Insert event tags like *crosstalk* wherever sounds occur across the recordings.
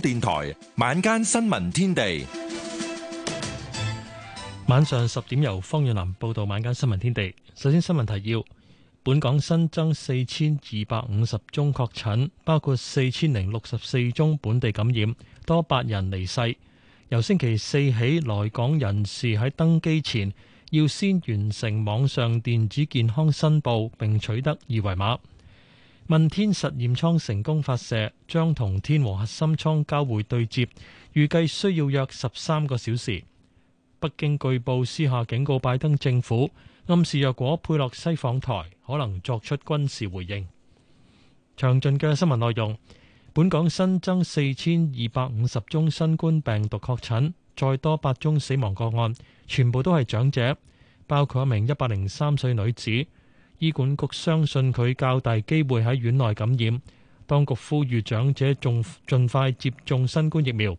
電台晚間新聞天地，晚上十點由方遠林報道晚間新聞天地。首先新聞提要：本港新增四千二百五十宗確診，包括四千零六十四宗本地感染，多八人離世。由星期四起，來港人士喺登機前要先完成網上電子健康申報，並取得二維碼。問天實驗艙成功發射，將同天和核心艙交會對接，預計需要約十三個小時。北京據報私下警告拜登政府，暗示若果佩洛西訪台，可能作出軍事回應。詳盡嘅新聞內容。本港新增四千二百五十宗新冠病毒確診，再多八宗死亡個案，全部都係長者，包括一名一百零三歲女子。醫管局相信佢較大機會喺院內感染，當局呼籲長者仲盡快接種新冠疫苗。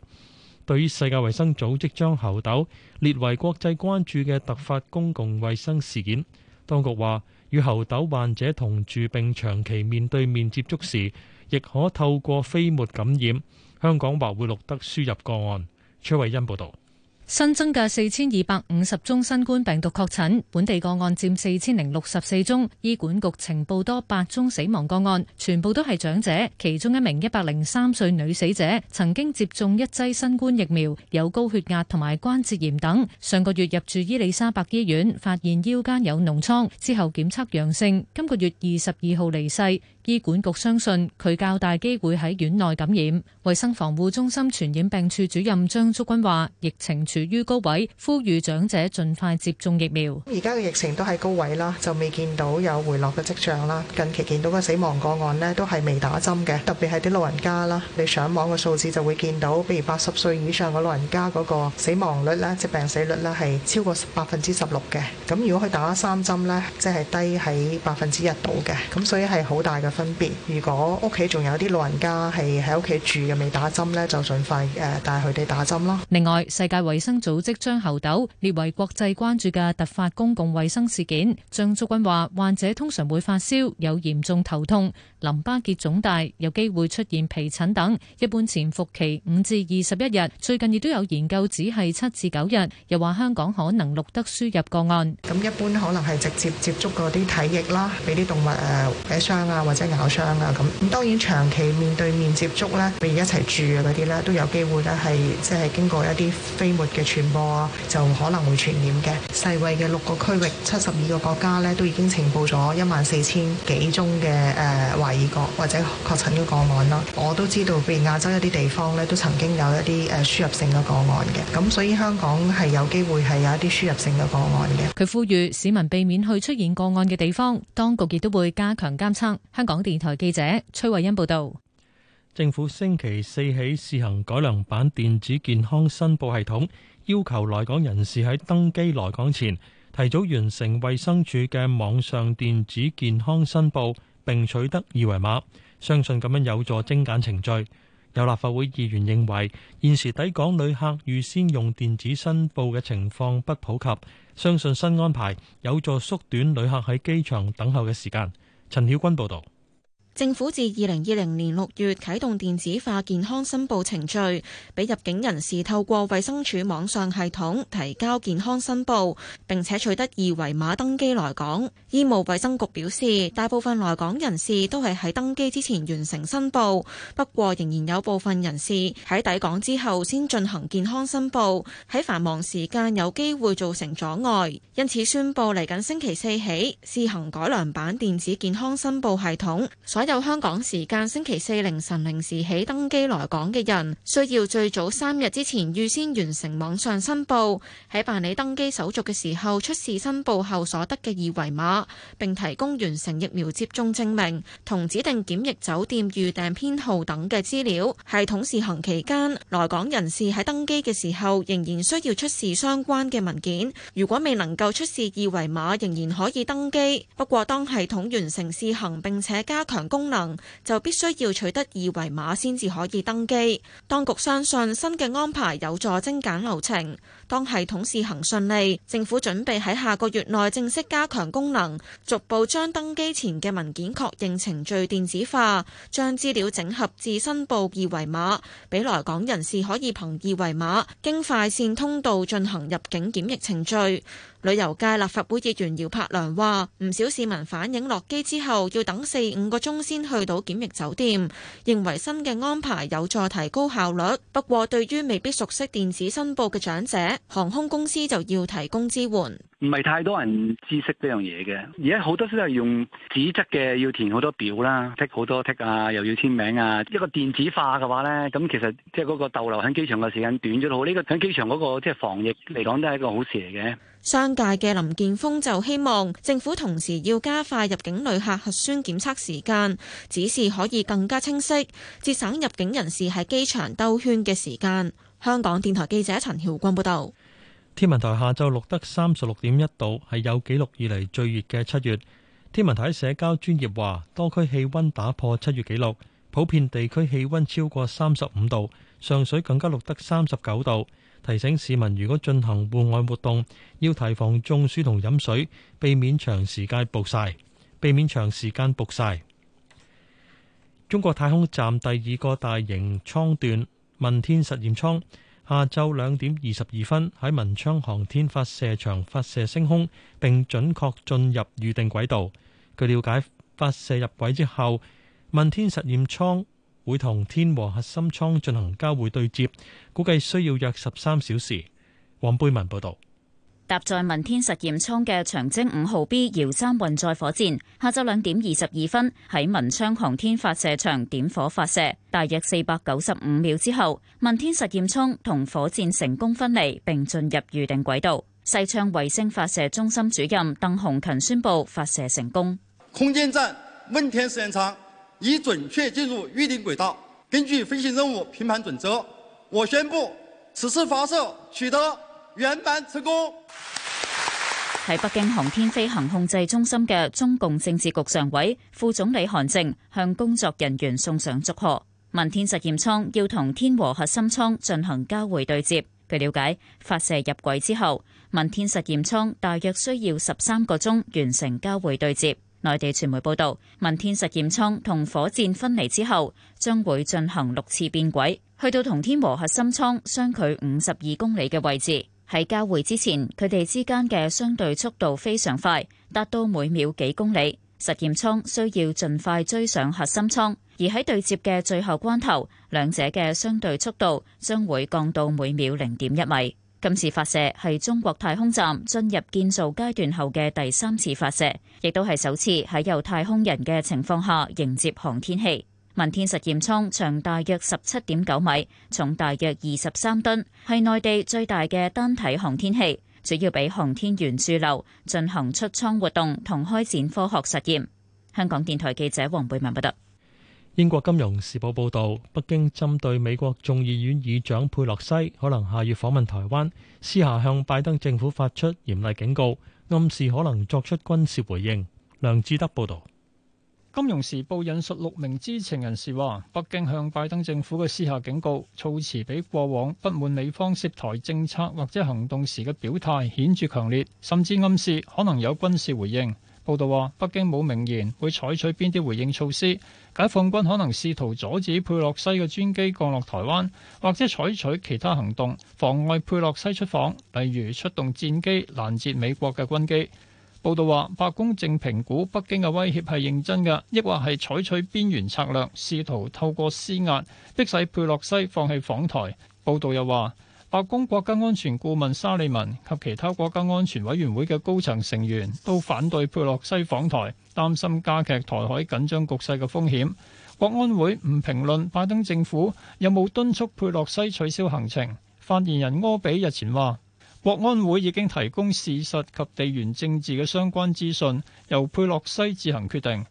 對於世界衞生組織將猴痘列為國際關注嘅突發公共衞生事件，當局話與猴痘患者同住並長期面對面接觸時，亦可透過飛沫感染。香港或會錄得輸入個案。崔慧欣報導。新增嘅四千二百五十宗新冠病毒確診，本地個案占四千零六十四宗。醫管局情報多八宗死亡個案，全部都係長者，其中一名一百零三歲女死者曾經接種一劑新冠疫苗，有高血壓同埋關節炎等。上個月入住伊利沙伯醫院，發現腰間有膿瘡，之後檢測陽性，今個月二十二號離世。醫管局相信佢較大機會喺院內感染。衛生防護中心傳染病處主任張竹君話，疫情處於高位，呼籲長者盡快接種疫苗。而家嘅疫情都係高位啦，就未見到有回落嘅跡象啦。近期見到嘅死亡個案呢，都係未打針嘅，特別係啲老人家啦。你上網嘅數字就會見到，比如八十歲以上嘅老人家嗰個死亡率咧，即、那個、病死率咧係超過百分之十六嘅。咁如果佢打三針呢，即、就、係、是、低喺百分之一度嘅。咁所以係好大嘅。分如果屋企仲有啲老人家係喺屋企住又未打針呢，就盡快誒帶佢哋打針啦。另外，世界衛生組織將猴痘列為國際關注嘅突發公共衛生事件。張竹君話：患者通常會發燒，有嚴重頭痛、淋巴結腫大，有機會出現皮疹等。一般潛伏期五至二十一日，最近亦都有研究只係七至九日。又話香港可能錄得輸入個案。咁一般可能係直接接觸過啲體液啦，俾啲動物誒咬、呃、傷啊，或即係咬傷啊咁，咁當然長期面對面接觸咧，譬如一齊住啊嗰啲咧，都有機會咧係即係經過一啲飛沫嘅傳播啊，就可能會傳染嘅。世衛嘅六個區域七十二個國家咧，都已經呈報咗一萬四千幾宗嘅誒懷疑個或者確診嘅個案啦。我都知道，譬如亞洲一啲地方咧，都曾經有一啲誒輸入性嘅個案嘅，咁所以香港係有機會係有一啲輸入性嘅個案嘅。佢呼籲市民避免去出現個案嘅地方，當局亦都會加強監測。香港電台記者崔慧欣報道。政府星期四起試行改良版電子健康申報系統，要求來港人士喺登機來港前提早完成衞生署嘅網上電子健康申報，並取得二維碼，相信咁樣有助精簡程序。有立法會議員認為，現時抵港旅客預先用電子申報嘅情況不普及，相信新安排有助縮短旅客喺機場等候嘅時間。陳曉君報道。政府自二零二零年六月啟動電子化健康申報程序，俾入境人士透過衛生署網上系統提交健康申報，並且取得二維碼登機來港。醫務衛生局表示，大部分來港人士都係喺登機之前完成申報，不過仍然有部分人士喺抵港之後先進行健康申報，喺繁忙時間有機會造成阻礙，因此宣布嚟緊星期四起試行改良版電子健康申報系統。所以。有香港時間星期四凌晨零時起登機來港嘅人，需要最早三日之前預先完成網上申報。喺辦理登機手續嘅時候，出示申報後所得嘅二維碼，並提供完成疫苗接種證明同指定檢疫酒店預訂編號等嘅資料。系統試行期間，來港人士喺登機嘅時候仍然需要出示相關嘅文件。如果未能夠出示二維碼，仍然可以登機。不過，當系統完成試行並且加強。功能就必須要取得二維碼先至可以登機，當局相信新嘅安排有助精簡流程。當系統試行順利，政府準備喺下個月內正式加強功能，逐步將登機前嘅文件確認程序電子化，將資料整合至申報二維碼，俾來港人士可以憑二維碼經快線通道進行入境檢疫程序。旅遊界立法會議員姚柏良話：唔少市民反映落機之後要等四五個鐘先去到檢疫酒店，認為新嘅安排有助提高效率。不過，對於未必熟悉電子申報嘅長者，航空公司就要提供支援，唔係太多人知悉呢樣嘢嘅。而家好多都係用紙質嘅，要填好多表啦，剔好多剔啊，又要簽名啊。一個電子化嘅話咧，咁其實即係嗰個逗留喺機場嘅時間短咗好多呢個喺機場嗰個即係防疫嚟講都係一個好事嚟嘅。商界嘅林建峰就希望政府同時要加快入境旅客核酸檢測時間，指示可以更加清晰，節省入境人士喺機場兜圈嘅時間。香港電台記者陳曉君報道，天文台下晝錄得三十六點一度，係有紀錄以嚟最熱嘅七月。天文台喺社交專業話，多區氣溫打破七月紀錄，普遍地區氣溫超過三十五度，上水更加錄得三十九度。提醒市民如果進行戶外活動，要提防中暑同飲水，避免長時間曝曬。避免長時間曝曬。中國太空站第二個大型艙段。問天實驗艙下晝兩點二十二分喺文昌航天發射場發射升空，並準確進入預定軌道。據了解，發射入軌之後，問天實驗艙會同天和核心艙進行交會對接，估計需要約十三小時。黃貝文報道。搭載問天實驗艙嘅長征五號 B 遙三運載火箭，下晝兩點二十二分喺文昌航天發射場點火發射，大約四百九十五秒之後，問天實驗艙同火箭成功分離並進入預定軌道。西昌衛星發射中心主任鄧洪勤宣布發射成功。空間站問天實驗艙已準確進入預定軌道，根據飛行任務評判準則，我宣布此次發射取得。圓滿成功。喺北京航天飛行控制中心嘅中共政治局常委、副總理韓正向工作人員送上祝賀。問天實驗艙要同天和核心艙進行交會對接。據了解，發射入軌之後，問天實驗艙大約需要十三個鐘完成交會對接。內地傳媒報道，問天實驗艙同火箭分離之後，將會進行六次變軌，去到同天和核心艙相距五十二公里嘅位置。喺交會之前，佢哋之間嘅相對速度非常快，達到每秒幾公里。實驗艙需要盡快追上核心艙，而喺對接嘅最後關頭，兩者嘅相對速度將會降到每秒零點一米。今次發射係中國太空站進入建造階段後嘅第三次發射，亦都係首次喺有太空人嘅情況下迎接航天器。問天實驗艙長大約十七點九米，重大約二十三噸，係內地最大嘅單體航天器，主要俾航天員駐留，進行出艙活動同開展科學實驗。香港電台記者黃貝文報道。英國金融時報報道，北京針對美國眾議院議長佩洛西可能下月訪問台灣，私下向拜登政府發出嚴厲警告，暗示可能作出軍事回應。梁志德報道。金融時報引述六名知情人士話，北京向拜登政府嘅私下警告措辭比過往不滿美方涉台政策或者行動時嘅表態顯著強烈，甚至暗示可能有軍事回應。報道話，北京冇明言會採取邊啲回應措施，解放軍可能試圖阻止佩洛西嘅專機降落台灣或者採取其他行動妨礙佩洛西出訪，例如出動戰機攔截美國嘅軍機。報道話，白宮正評估北京嘅威脅係認真嘅，抑或係採取邊緣策略，試圖透過施壓逼使佩洛西放棄訪台。報道又話，白宮國家安全顧問沙利文及其他國家安全委員會嘅高層成員都反對佩洛西訪台，擔心加劇台海緊張局勢嘅風險。國安會唔評論拜登政府有冇敦促佩洛西取消行程。發言人柯比日前話：國安會已經提供事實及地緣政治嘅相關資訊，由佩洛西自行決定。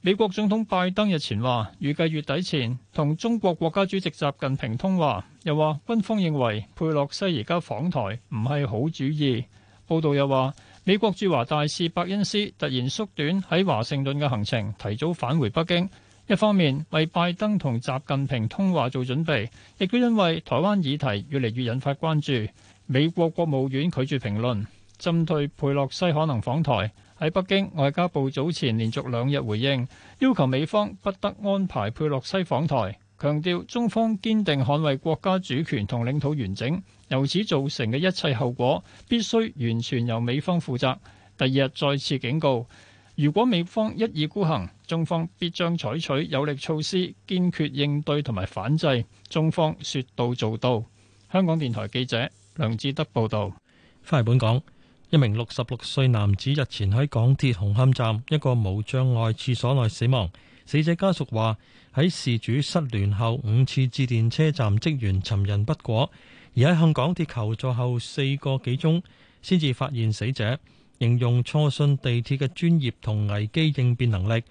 美國總統拜登日前話，預計月底前同中國國家主席習近平通話。又話軍方認為佩洛西而家訪台唔係好主意。報道又話，美國駐華大使伯恩斯突然縮短喺華盛頓嘅行程，提早返回北京，一方面為拜登同習近平通話做準備，亦都因為台灣議題越嚟越引發關注。美國國務院拒絕評論，針對佩洛西可能訪台，喺北京外交部早前連續兩日回應，要求美方不得安排佩洛西訪台，強調中方堅定捍衛國家主權同領土完整，由此造成嘅一切後果必須完全由美方負責。第二日再次警告，如果美方一意孤行，中方必將採取有力措施，堅決應對同埋反制。中方說到做到。香港電台記者。梁志德報道：翻嚟本港，一名六十六歲男子日前喺港鐵紅磡站一個無障礙廁所內死亡。死者家屬話，喺事主失聯後五次致電車站職員尋人不果，而喺向港鐵求助後四個幾鐘先至發現死者，形容錯信地鐵嘅專業同危機應變能力。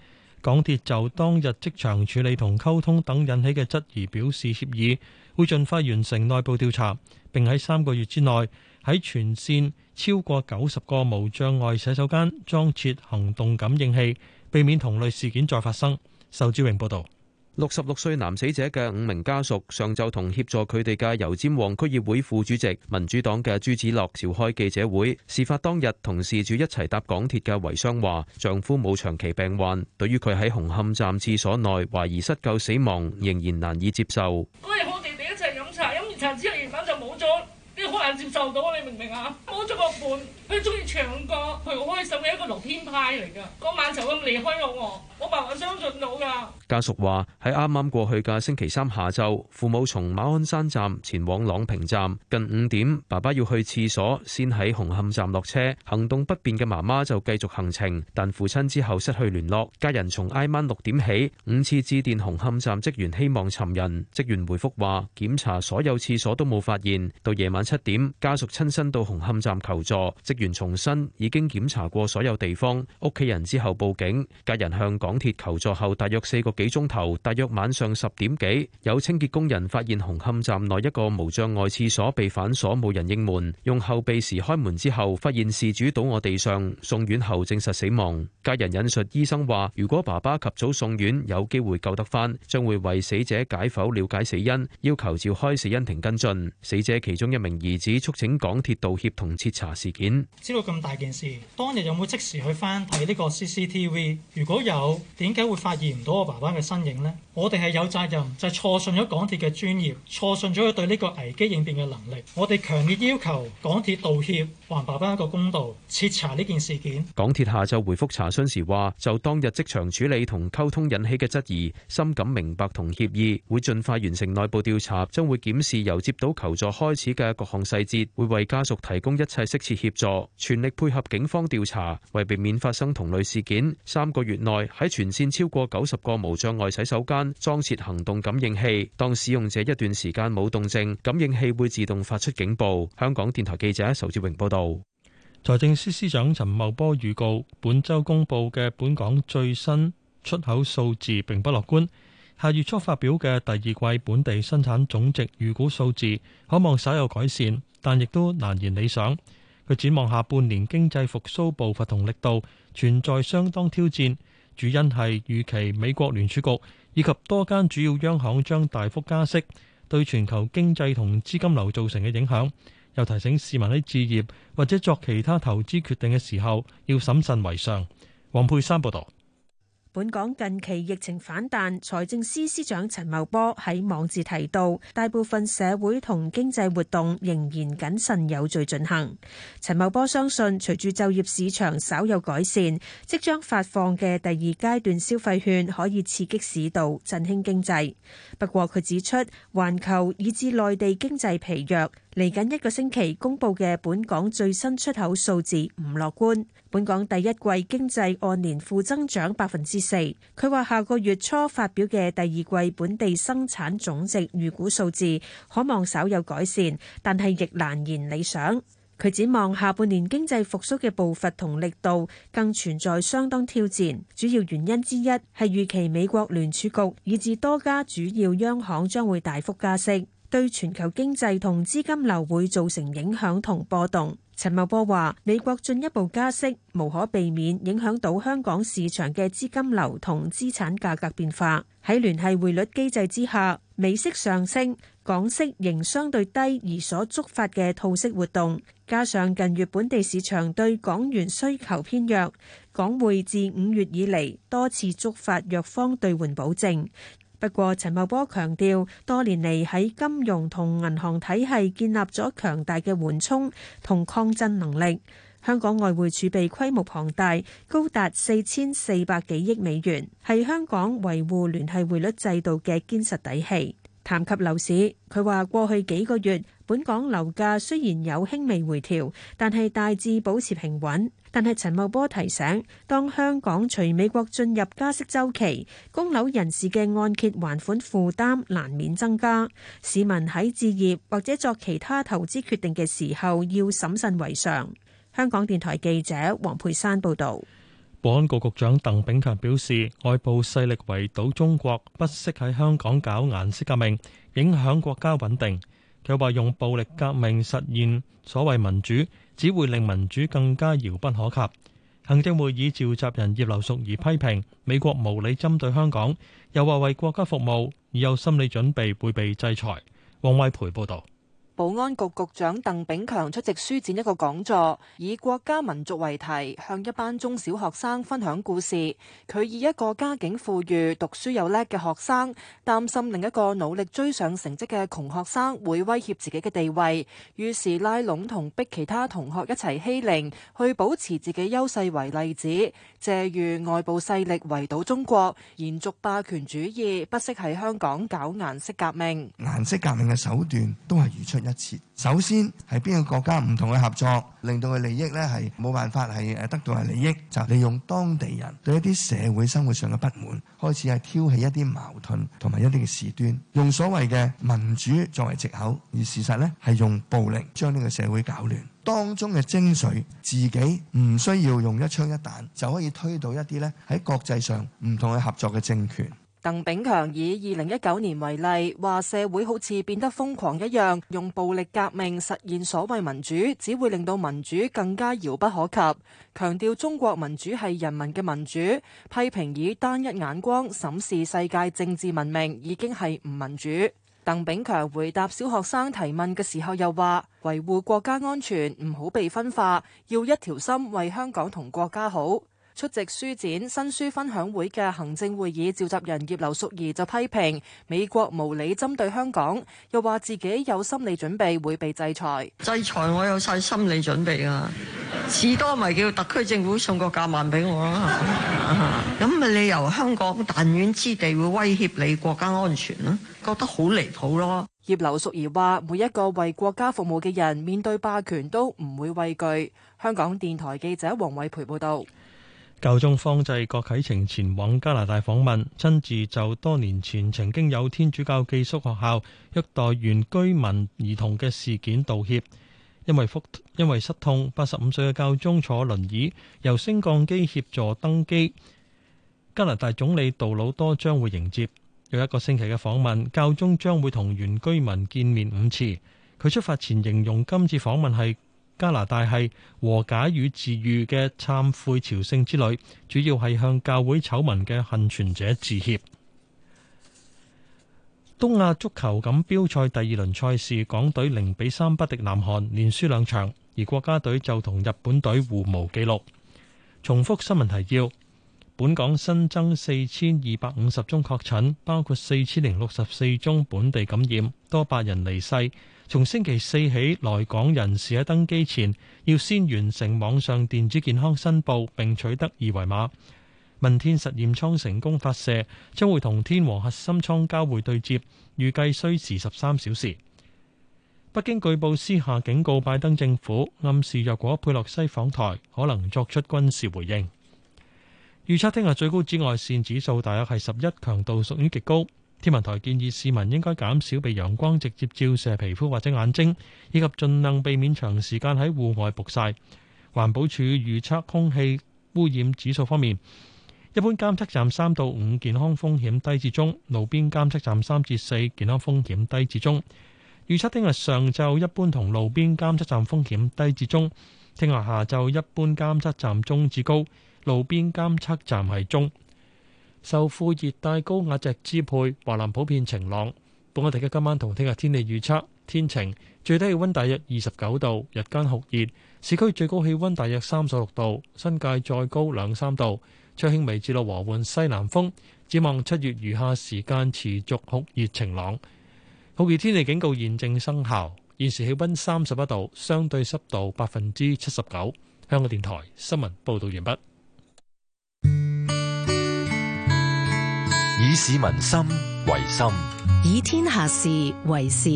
港鐵就當日即場處理同溝通等引起嘅質疑表示歉意，會盡快完成內部調查，並喺三個月之內喺全線超過九十個無障礙洗手間裝設行動感應器，避免同類事件再發生。仇志榮報道。六十六歲男死者嘅五名家屬上晝同協助佢哋嘅油尖旺區議會副主席民主黨嘅朱子樂召開記者會。事發當日同事主一齊搭港鐵嘅遺孀話，丈夫冇長期病患，對於佢喺紅磡站廁所內懷疑失救死亡，仍然難以接受。嗰日我哋好地地一齊飲茶，飲完茶之後夜晚就冇咗，啲好難接受到，你明唔明啊？冇咗個伴。佢中意唱歌，佢好開心嘅一個樂天派嚟㗎。嗰晚就咁離開我，我爸爸相信到㗎。家屬話喺啱啱過去嘅星期三下晝，父母從馬鞍山站前往朗屏站，近五點，爸爸要去廁所，先喺紅磡站落車。行動不便嘅媽媽就繼續行程，但父親之後失去聯絡。家人從挨晚六點起五次致電紅磡站職員，希望尋人。職員回覆話檢查所有廁所都冇發現。到夜晚七點，家屬親身到紅磡站求助。職員重新已經檢查過所有地方，屋企人之後報警，家人向港鐵求助後，大約四個幾鐘頭，大約晚上十點幾，有清潔工人發現紅磡站內一個無障礙廁所被反鎖，冇人應門，用後備匙開門之後，發現事主倒卧地上，送院後證實死亡。家人引述醫生話，如果爸爸及早送院，有機會救得翻，將會為死者解剖了解死因，要求召開死因庭跟進。死者其中一名兒子促請港鐵道歉同徹查事件。知道咁大件事，當日有冇即時去翻睇呢個 CCTV？如果有，點解會發現唔到我爸爸嘅身影呢？我哋係有責任，就係錯信咗港鐵嘅專業，錯信咗佢對呢個危機應變嘅能力。我哋強烈要求港鐵道歉，還爸爸一個公道，徹查呢件事件。港鐵下晝回覆查詢時話，就當日即場處理同溝通引起嘅質疑，深感明白同歉意，會盡快完成內部調查，將會檢視由接到求助開始嘅各項細節，會為家屬提供一切適切協助。全力配合警方調查，為避免發生同類事件，三個月內喺全綫超過九十個無障礙洗手間裝設行動感應器。當使用者一段時間冇動靜，感應器會自動發出警報。香港電台記者仇志榮報道。財政司司長陳茂波預告，本周公布嘅本港最新出口數字並不樂觀，下月初發表嘅第二季本地生產總值預估數字，可望稍有改善，但亦都難言理想。佢展望下半年經濟復蘇步伐同力度存在相當挑戰，主因係預期美國聯儲局以及多間主要央行將大幅加息，對全球經濟同資金流造成嘅影響，又提醒市民喺置業或者作其他投資決定嘅時候要審慎為上。黃佩珊報道。本港近期疫情反彈，財政司司長陳茂波喺網誌提到，大部分社會同經濟活動仍然謹慎有序進行。陳茂波相信，隨住就業市場稍有改善，即將發放嘅第二階段消費券可以刺激市道，振興經濟。不過，佢指出，環球以至內地經濟疲弱，嚟緊一個星期公佈嘅本港最新出口數字唔樂觀，本港第一季經濟按年負增長百分之四。佢話下個月初發表嘅第二季本地生產總值預估數字可望稍有改善，但係亦難言理想。佢展望下半年經濟復甦嘅步伐同力度更存在相當挑戰，主要原因之一係預期美國聯儲局以至多家主要央行將會大幅加息。對全球經濟同資金流會造成影響同波動。陳茂波話：美國進一步加息，無可避免影響到香港市場嘅資金流同資產價格變化。喺聯繫匯率機制之下，美息上升，港息仍相對低，而所觸發嘅套息活動，加上近月本地市場對港元需求偏弱，港匯自五月以嚟多次觸發弱方兌換保證。不過，陳茂波強調，多年嚟喺金融同銀行體系建立咗強大嘅緩衝同抗震能力。香港外匯儲備規模龐大，高達四千四百幾億美元，係香港維護聯繫匯率制度嘅堅實底氣。談及樓市，佢話過去幾個月本港樓價雖然有輕微回調，但係大致保持平穩。但係陳茂波提醒，當香港隨美國進入加息周期，供樓人士嘅按揭還款負擔難免增加。市民喺置業或者作其他投資決定嘅時候，要審慎為上。香港電台記者黃佩珊報導。保安局局長鄧炳強表示，外部勢力圍堵中國，不惜喺香港搞顏色革命，影響國家穩定。佢話用暴力革命實現所謂民主。只會令民主更加遙不可及。行政會議召集人葉劉淑儀批評美國無理針對香港，又話為國家服務已有心理準備會被制裁。王偉培報道。保安局局長鄧炳強出席書展一個講座，以國家民族為題，向一班中小學生分享故事。佢以一個家境富裕、讀書又叻嘅學生，擔心另一個努力追上成績嘅窮學生會威脅自己嘅地位，於是拉攏同逼其他同學一齊欺凌，去保持自己優勢為例子。借喻外部勢力圍堵中國，延續霸權主義，不惜喺香港搞顏色革命。顏色革命嘅手段都係如出一轍。首先係邊個國家唔同嘅合作，令到佢利益呢，係冇辦法係得到嘅利益，就是、利用當地人對一啲社會生活上嘅不滿，開始係挑起一啲矛盾同埋一啲嘅事端，用所謂嘅民主作為藉口，而事實呢，係用暴力將呢個社會搞亂。當中嘅精髓，自己唔需要用一槍一彈就可以推到一啲呢，喺國際上唔同嘅合作嘅政權。鄧炳強以二零一九年為例，話社會好似變得瘋狂一樣，用暴力革命實現所謂民主，只會令到民主更加遙不可及。強調中國民主係人民嘅民主，批評以單一眼光審視世界政治文明已經係唔民主。鄧炳強回答小學生提問嘅時候又，又話維護國家安全唔好被分化，要一條心為香港同國家好。出席書展新書分享會嘅行政會議召集人葉劉淑儀就批評美國無理針對香港，又話自己有心理準備會被制裁。制裁我有晒心理準備啊，至多咪叫特區政府送個夾萬俾我啦。咁咪 *laughs* 你由香港彈丸之地會威脅你國家安全啦，覺得好離譜咯。葉劉淑儀話：每一個為國家服務嘅人面對霸權都唔會畏懼。香港電台記者黃偉培報導。教宗方濟各啟程前往加拿大訪問，親自就多年前曾經有天主教寄宿學校虐待原居民兒童嘅事件道歉。因為腹因為失痛，八十五歲嘅教宗坐輪椅，由升降機協助登機。加拿大總理杜魯多將會迎接，有一個星期嘅訪問，教宗將會同原居民見面五次。佢出發前形容今次訪問係。加拿大係和解與治癒嘅懺悔朝聖之旅，主要係向教會醜聞嘅幸存者致歉。東亞足球錦標賽第二輪賽事，港隊零比三不敵南韓，連輸兩場；而國家隊就同日本隊互無紀錄。重複新聞提要：本港新增四千二百五十宗確診，包括四千零六十四宗本地感染，多百人離世。從星期四起，來港人士喺登機前要先完成網上電子健康申報，並取得二維碼。問天實驗艙成功發射，將會同天和核心艙交會對接，預計需時十三小時。北京據報私下警告拜登政府，暗示若果佩洛西訪台，可能作出軍事回應。預測聽日最高紫外綫指數大約係十一，強度屬於極高。天文台建議市民應該減少被陽光直接照射皮膚或者眼睛，以及盡量避免長時間喺戶外曝曬。環保署預測空氣污染指數方面，一般監測站三到五，健康風險低至中；路邊監測站三至四，健康風險低至中。預測聽日上晝一般同路邊監測站風險低至中，聽日下晝一般監測站中至高，路邊監測站係中。受副熱帶高壓脊支配，華南普遍晴朗。本港地區今晚同聽日天氣預測天晴，最低氣溫大約二十九度，日間酷熱，市區最高氣溫大約三十六度，新界再高兩三度。吹輕微至弱和緩西南風，展望七月餘下時間持續酷熱晴朗。酷熱天氣警告現正生效，現時氣溫三十一度，相對濕度百分之七十九。香港電台新聞報道完畢。以市民心為心，以天下事為事。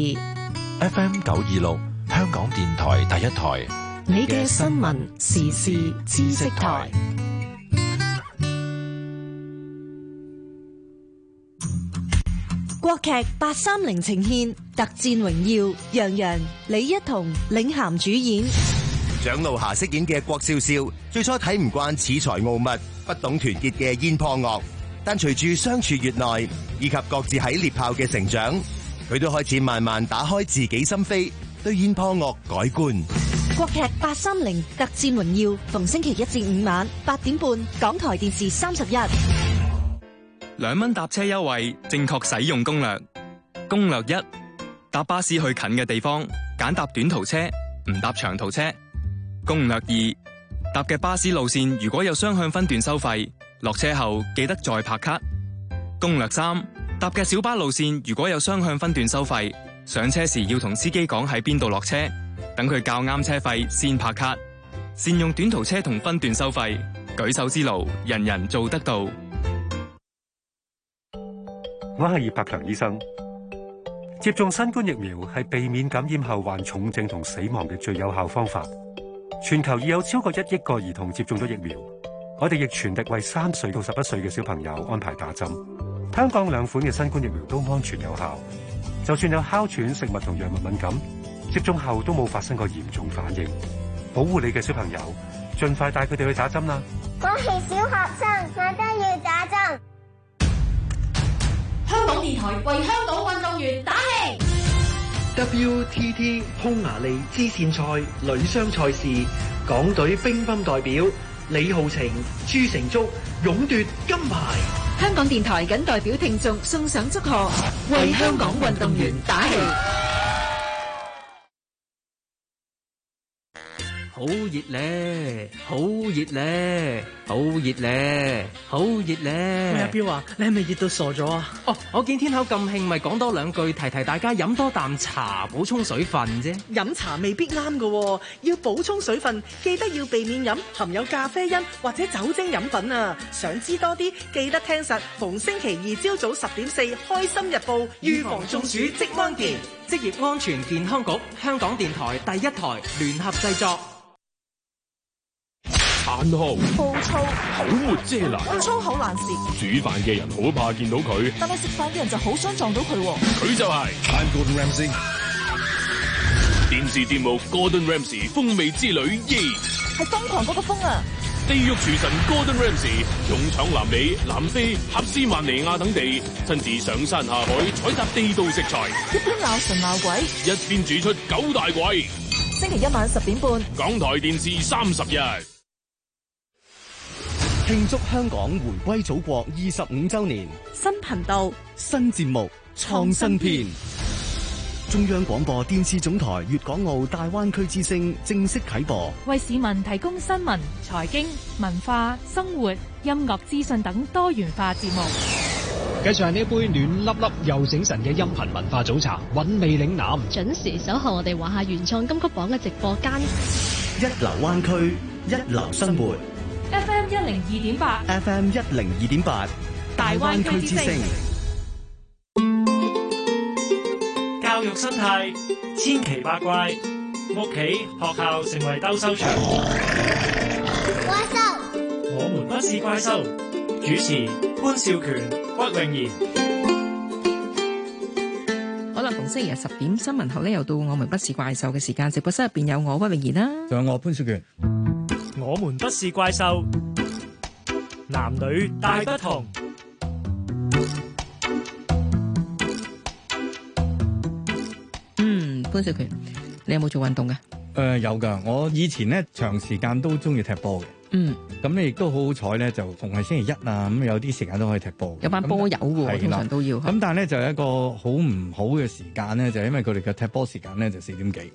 F M 九二六，香港電台第一台，你嘅新聞時事知識台。國劇八三零呈現《特戰榮耀》，楊洋、李一桐領銜主演。蔣璐霞飾演嘅郭笑笑，最初睇唔慣恃才傲物、不懂團結嘅燕破岳。但隨住相處越耐，以及各自喺獵豹嘅成長，佢都開始慢慢打開自己心扉，對燕破岳改觀。國劇八三零特戰榮耀，逢星期一至五晚八點半，港台電視三十一。兩蚊搭車優惠，正確使用攻略。攻略一：搭巴士去近嘅地方，揀搭短途車，唔搭長途車。攻略二：搭嘅巴士路線如果有雙向分段收費。落車後記得再拍卡。攻略三：搭嘅小巴路線如果有雙向分段收費，上車時要同司機講喺邊度落車，等佢較啱車費先拍卡。善用短途車同分段收費，舉手之勞，人人做得到。我係葉百強醫生，接種新冠疫苗係避免感染後患重症同死亡嘅最有效方法。全球已有超過一億個兒童接種咗疫苗。我哋亦全力為三歲到十一歲嘅小朋友安排打針。香港兩款嘅新冠疫苗都安全有效，就算有哮喘、食物同藥物敏感，接種後都冇發生過嚴重反應。保護你嘅小朋友，盡快帶佢哋去打針啦！我係小學生，我都要打針。香港電台為香港運動員打氣。WTT 匈牙利支線賽女雙賽事，港隊乒乓代表，李浩晴、朱成竹勇奪金牌。香港電台謹代表聽眾送上祝賀，為香港運動員打氣。好熱咧！好熱咧！好熱咧！好熱咧！阿彪啊，你係咪熱到傻咗啊？哦，我見天口咁興，咪講多兩句，提提大家飲多啖茶補充水分啫。飲茶未必啱㗎，要補充水分，記得要避免飲含有咖啡因或者酒精飲品啊。想知多啲，記得聽實逢星期二朝早十點四《開心日報》，預防中暑即安健，職業安全健康局香港電台第一台聯合製作。眼紅暴躁口沒遮攔、粗口難舌，煮飯嘅人好怕見到佢，但係食飯嘅人就好想撞到佢。佢就係 I'm Gordon Ramsay。電視節目 Gordon Ramsay 風味之旅二，係、yeah! 瘋狂嗰個瘋啊！地獄廚神 Gordon Ramsay 勇闖南美、南非、恰斯曼尼亞等地，親自上山下海採集地道食材。 *laughs* 一邊鬧神鬧鬼，一邊煮出九大簋。星期一晚十點半，港台電視三十日。慶祝香港回歸祖國二十五周年，新頻道新節目創新片，中央廣播電視總台粵港澳大灣區之聲正式啟播，為市民提供新聞、財經、文化、生活、音樂資訊等多元化節目。繼續這杯暖粒粒又醒神的音頻文化早茶韻味、嶺南準時守候，我哋華夏原創金曲榜的直播間。一流灣區，一流生活一零二點八，FM 一零二點八，大灣區之聲。教育生態千奇百怪，屋企學校成為鬥獸場。怪獸獸，我們不是怪獸。主持潘少權、屈穎妍。好啦，逢星期日十點新聞後呢，又到我們不是怪獸嘅時間。直播室入邊有我屈穎妍啦，仲有我潘少權。我們不是怪獸。男女大不同。嗯，潘少權，你有冇做運動噶？誒、呃，有噶。我以前咧，長時間都中意踢波嘅。嗯，咁你亦都好好彩咧，就逢係星期一啊，咁有啲時間都可以踢波。有班波友噶，那的我通常都要。咁但係咧，就有一個好唔好嘅時間咧，就是、因為佢哋嘅踢波時間咧就四點幾。